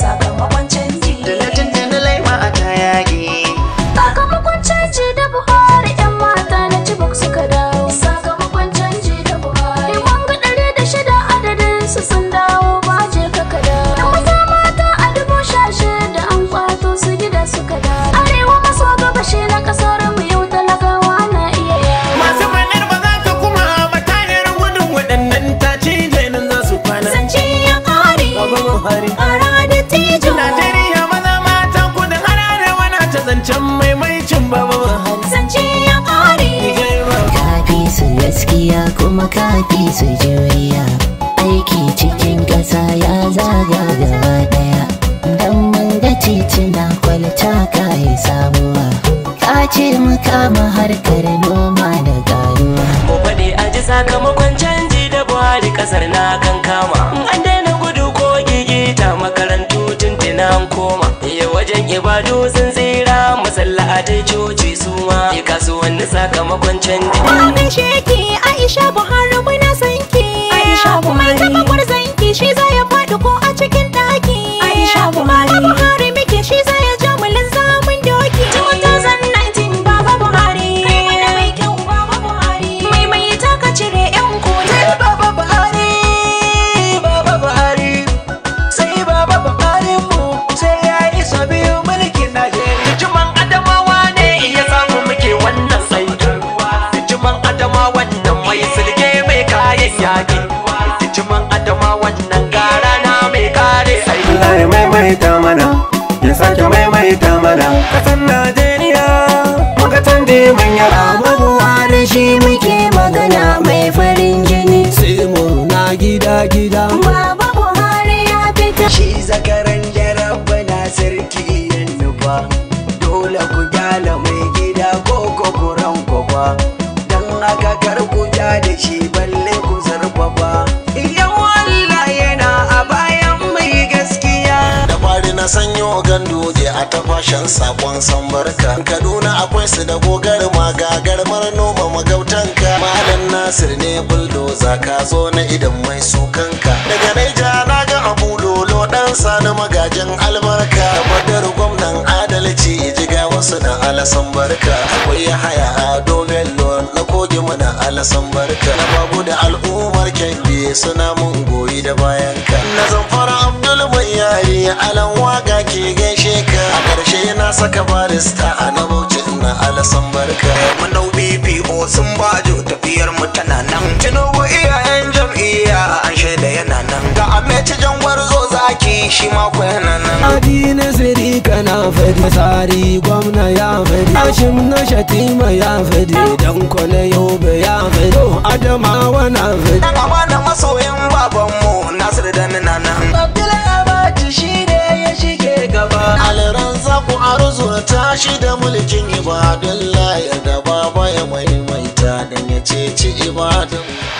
casa. zancen maimaicin baba zance ya ƙare kafi su gaskiya kuma kafi su juriya aiki cikin ƙasa ya zaga gaba ɗaya dan mun ga titina kwalta ka yi samuwa ka ce mu kama harkar noma da garuwa mu faɗi a ji sakamakon canji da buhari ƙasar na kan kama an daina gudu ko gigita makarantu tuntuna an koma wajen ibadu ministoci su ma kasuwanni sakamakon canji. Mamin sheki Aisha Buhari muna sai sake maimaita mana kasan najeriya makatan da manya babu da shi muke magana mai farin jini sai na gida gida baba buhari ya fita shi zakaran jarabba na sarki yan nufa dole ku gyala mai gida ko kokoran kwakwa don haka karku ja da shi balle na sanyo ganduje a tafashin sakon sambarka. barka kaduna akwai su da gogar magagarmar noma magautanka malam nasir ne buldoza ka zo na idan mai sukanka daga naija na ga abu lolo dan sani magajin albarka madar gwamnan adalci jiga wasu na alasan barka akwai ya haya a domin na koge mana alasan barka na babu da al'ummar kyanbi suna mun goyi da bayanka na zamfara abdul mai yari shi gaishe ka a ƙarshe na saka barista a na bauchi na alasan barka manau bpo sun bajo tafiyar mu tana nan tinubu iyayen jam'iyya an shaida yana nan ga ameci jangwar zo zaki shi mako yana nan adi nasiri kana fadi Sari gwamna ya fadi ashim na shatima ya fadi dan kwale yau shi da mulkin ibadullahi da baba ya maimaita don ya ceci ibadun